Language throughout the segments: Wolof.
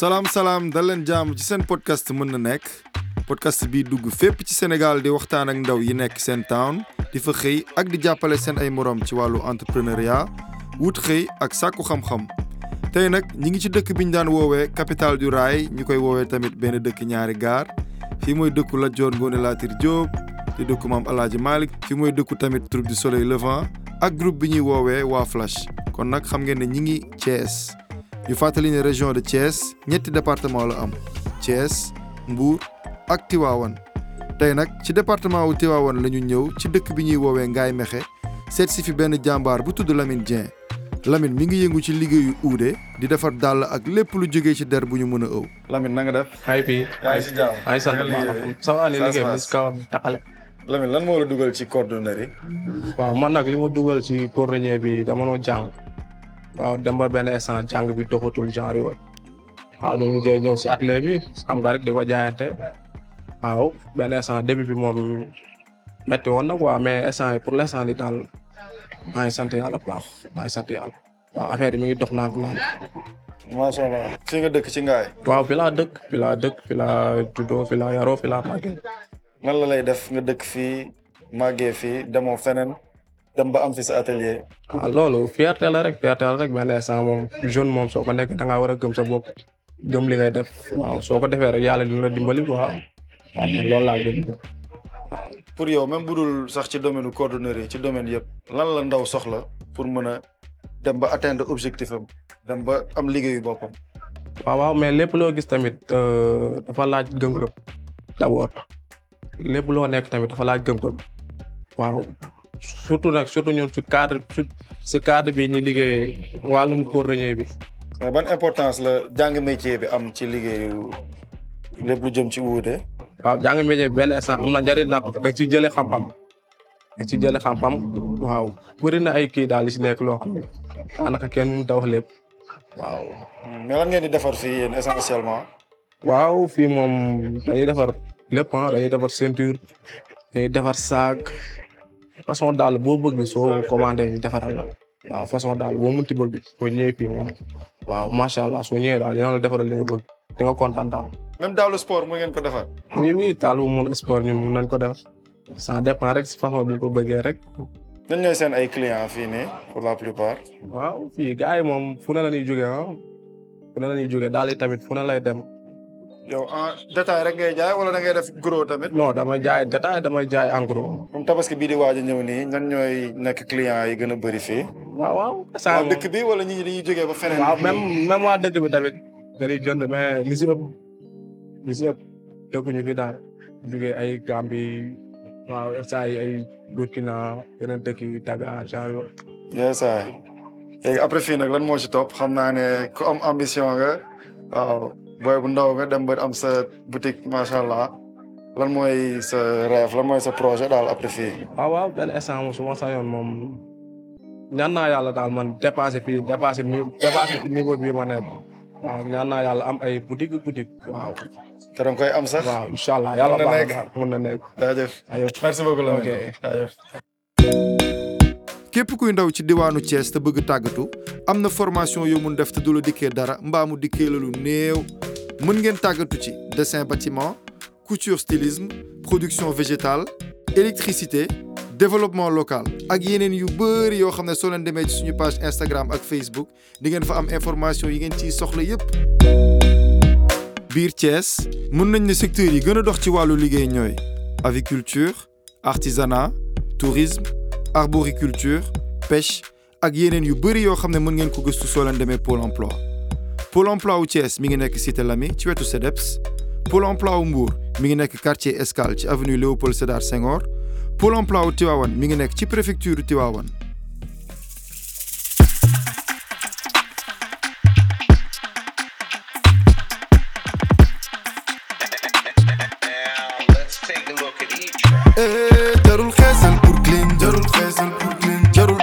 salaam salaam daleen leen ci seen podcast mën na nekk podcast bii dugg fépp ci Sénégal di waxtaan ak ndaw yi nekk seen town di fa xëy ak di jàppale seen ay moroom ci wàllu entrepreneuriat wut xëy ak sàkku xam-xam. tey nag ñi ngi ci dëkk bi ñu daan woowee capital du rail ñu koy woowee tamit benn dëkk ñaari gaar fii mooy dëkku Lat Joor Ngoone Latiir Jóob te dëkku maam Alaaji Maalik fii mooy dëkku tamit troupe du soleil levant ak groupe bi ñuy woowee waa Flash kon nag xam ngeen ne ñi ngi Thiès ñu fàttali ne région de Thiès ñetti département la am Thiès Mbour ak Tivaouane tey nag ci departement wu Tivaouane la ñu ñëw ci dëkk bi ñuy woowee Ngaye Mekhe seet si fi benn jàmbaar bu tudd Lamine Dieng Lamine mi ngi yëngu ci liggéeyu uude di defar dàll ak lépp lu jógee ci der bu ñu mën a ëw. Lamine na nga def. Lamine lan moo la dugal ci cordonnier waaw man nag li ma dugal ci cordonnier bi dama noo jàng waaw dem ba benn instant jàng bi doxatul genre yooyu. waaw ñu ngi ñëw si atelier bi xam nga rek di ko jaayante waaw benn instant début bi moom métti woon na quoi mais instant pour l' instant daal maa ngi sant yàlla bu baax maa ngi sant yàlla waaw affaire yi mi ngi dox naa ko naan. macha allah. fi nga dëkk ci ngaay. waaw fi laa dëkk fi laa dëkk fi laa juddoo fi nan la lay def nga dëkk fii màggee fi demoo feneen dem ba am fi sa atelier. waaw ah, loolu fierté la rek fierté la rek benn instant moom jeune moom soo ko nekk da ngaa war a gëm sa bopp gëm li ngay def waaw soo ko defee rek yàlla dina la dimbali waaw waaw loolu laa gëm. yow même bu dul sax ci domaine cordonnerie ci domaine yëpp lan la ndaw soxla pour mën a dem ba atteindre objectif dem ba am liggéeyu boppam. waaw waaw mais lépp loo gis tamit euh, dafa laaj gëm-gëm lépp loo nekk tamit dafa laaj gëm-gëm waaw surtout nag surtout ñun si cadre si cadre bi ñu liggéey wàllum cordonnier bi. ban importance la jàng métier bi am ci liggéeyu lépp lu jëm ci wuute. waaw jàng métier bi benn instant am na njëriñ na ci jëlee xam-xam ci jëlee xam waaw bëri na ay kii daal li si nekk loo xam ne daanaka kenn mënut a lépp waaw. Hmm, mais lan ngeen di defar fii yéen essentiellement. waaw fii moom dañuy defar. lépp ah dañuy defar ceinture dañuy defar saag façon daal boo bëgg soo commandé ñu defaral la façon daal boo mënti bëgg soo ñëwee fii moom waaw macha allah so ñëwee daal dina la defaral li nga bëgg di nga kontaan daal. sport mu ngeen ko defar. ñun ñii taal bu mun sport ñun nañ ko defar ça dépend rek si façon bi ñu bëggee rek. ñun ñooy seen ay clients fii nii pour la plupart. waaw fii gars yi moom fu ne la ñuy jógee ah fu ne la ñuy jógee daal yi tamit fu ne lay dem. yow en ah, détail rek ngay jaay wala da ngay def gros tamit. non damay jaay détail damay jaay en gros. comme bii di waaj a ñëw nii ñan ñooy nekk client yi gën a bëri fii. waaw waaw. dëkk bi wala ñu dañuy jógee ba feneen. waaw même même waa dëkk bi tamit. dañuy jënd mais li si ëpp li si ëpp dëkkuñu fi daal jógee ay Gambie waaw saa yi ay Burkina yeneen dëkk yi Dakar genre. yeesaay léegi après fii nag lan moo ci topp xam naa ne ku am ambition nga waaw. booy bu ndaw nga dem ba am sa boutique macha allah lan mooy sa rêve lan mooy sa projet daal après fii. waaw waaw benn instant moom su moom ñaan naa yàlla daal man dépassé fii dépassé dépassé niveau bi ma nekk waaw ñaan naa yàlla am ay boutique boutique waaw. te koy am sax. waaw incha allah yàlla baax na mën na nekk kuy ndaw ci diwaanu Thiès te bëgg tàggatu am na formation yoo mun def te du dikkee dara mbaa mu dikkee la lu mën ngeen tàggatu ci dessin batiment couture stylisme production végétale électricité développement local ak yeneen yu bëri yoo xam ne soo leen demee ci suñu page Instagram ak Facebook di ngeen fa am information yi ngeen ci soxla yépp biir Thiès mën nañ ne secteurs yi gën a dox ci wàllu liggéey ñooy aviculture artisanat tourisme arboriculture pêche ak yeneen yu bëri yoo xam ne mën ngeen ko gëstu soo leen demee pôle emploi Pôle emploi wu Thiès mi ngi nekk cité Lamy ci wetu CDEPS Pôle emploi wu Mbour mi ngi nekk quartier Escale ci avenue Léopold Sédar Senghor Pôle emploi wu Tivaouane mi ngi nekk ci préfecture Tivaouane. Eh, jarul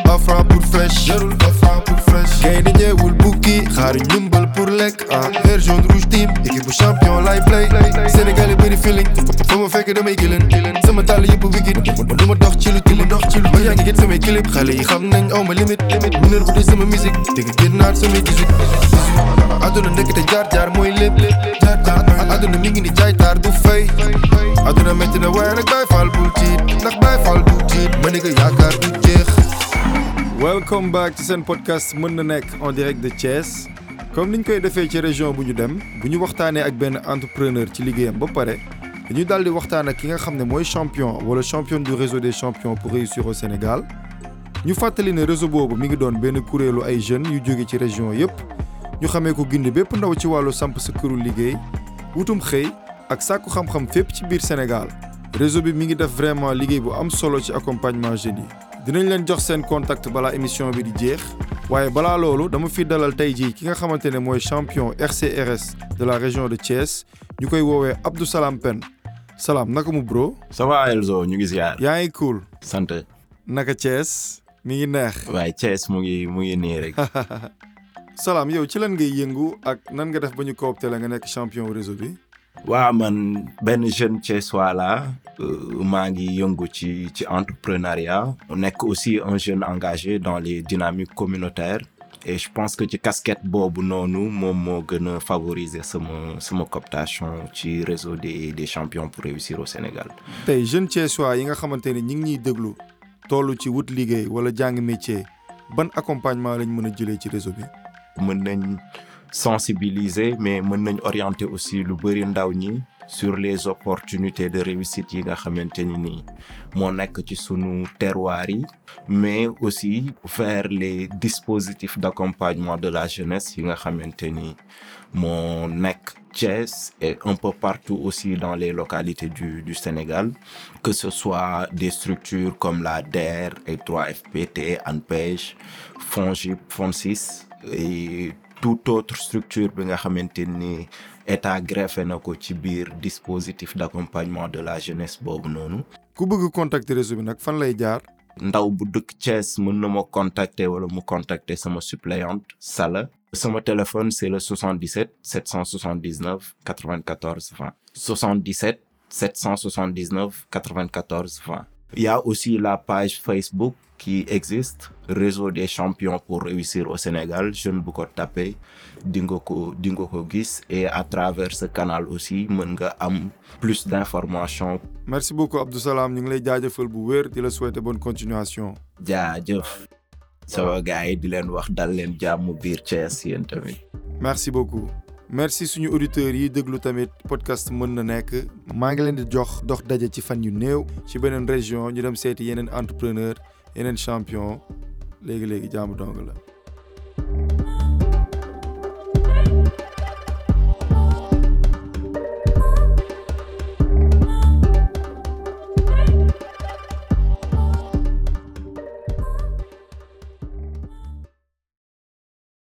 pour lek ah heer jaune rouge team équipe bu champion lay play Sénégal yi bëri feeling fa ma fekk damay gëlën sama tàll yëpp wigit du ma dox ci lu tilim dox ci lu ma yaa ngi gën samay clip xale yi xam nañ aw ma limite mineur bu dee sama musique dégg gën naat samay 18 àdduna ndekk te jaar jaar mooy lépp jaar jaar àdduna mi ngi ni jaay taar du fay àdduna métti na waaye nag Baay Faal bul tiit ndax Baay Faal bul tiit ma ne ko yaakaar du jeex Welcome back ci seen podcast mën na nekk en direct de Thiès comme ni ñu koy defee ci région bu ñu dem bu ñu waxtaanee ak benn entrepreneur ci liggéeyam ba pare dañu daal di ak ki nga xam ne mooy champion wala champion du réseau des champions pour réussir au Sénégal ñu fàttali ne réseau boobu mi ngi doon benn kuréelu ay jeunes yu jóge ci région yépp ñu xamee ko gindi bépp ndaw ci wàllu samp sa këru liggéey wutum xëy ak sàkku xam-xam fépp ci biir Sénégal réseau bi mi ngi def vraiment liggéey bu am solo ci accompagnement jeunes yi dinañ leen jox seen contact balaa émission bi di jeex waaye balaa loolu dama fi dalal tey jii ki nga xamante ne mooy champion RCRS de la région de Thiès ñu koy woowee Abdou Salam Pen salaam naka mu bro. ça va ñu ngi ziar. yaa ngi kuul sant. naka Thiès mi ngi neex. waaye Thiès mu ngi mu ngi nii rek. salaam yow ci lan ngay yëngu ak nan nga def ba ñu coopté la nga nekk champion réseau bi. waa man benn jeune Thiessois la euh, maa ngi yëngu ci ci entrepreneuriat nekk aussi un jeune engagé dans les dynamiques communautaire et je pense que ci casquette boobu noonu moom moo gën a favoriser sama sama cooptation ci réseau de des champions pour réussir au Sénégal. tey jeune Thiessois yi nga xamante ni ñi ngi ñuy déglu toll ci wut liggéey wala jàng métier ban accompagnement lañ mën a jëlee ci réseau bi. mën nañ. sensibiliser mais mën nañ orienter aussi lu bëri ndaw ñi sur les opportunités de réussite yi nga xamante ni nii moo nekk ci sunu terroir yi mais aussi vers les dispositifs d'accompagnement de la jeunesse yi nga xamante ni moo nekk Thiès et un peu partout aussi dans les localités du du Sénégal que ce soit des structures comme la DER et 3FPT ANPEJ FONGIP FONSIS et tout autre structure bi nga xamante ni état greffé na ko ci biir dispositif d'accompagnement de la jeunesse boobu noonu. ku bëgg contacter réseau bi nag fan lay jaar. ndaw bu dëkk Thiès mën na ma contacter wala mu contacter sama suppléante Sala. sama téléphone c'est le 77 779 94 20. 77 779 94 20. Il y aussi la page Facebook qui existe, Réseau des champions pour réussir au Sénégal, jeune bu ko tapé di nga ko di nga ko gis et à travers ce canal aussi mën nga am plus d'informations. Merci beaucoup Abdou Salam ñu ngi lay jaajëfal bu wér di la souhaiter bonne continuation. jaajëf sama gars yi di leen wax dal leen jàmm biir Thiès yéen tamit. Merci beaucoup. merci suñu auditeurs yi déglu tamit podcast mën na nekk maa ngi leen di jox dox daje ci fan yu néew ci beneen région ñu dem seeti yeneen entrepreneur yeneen champion léegi-léegi jaamu dong la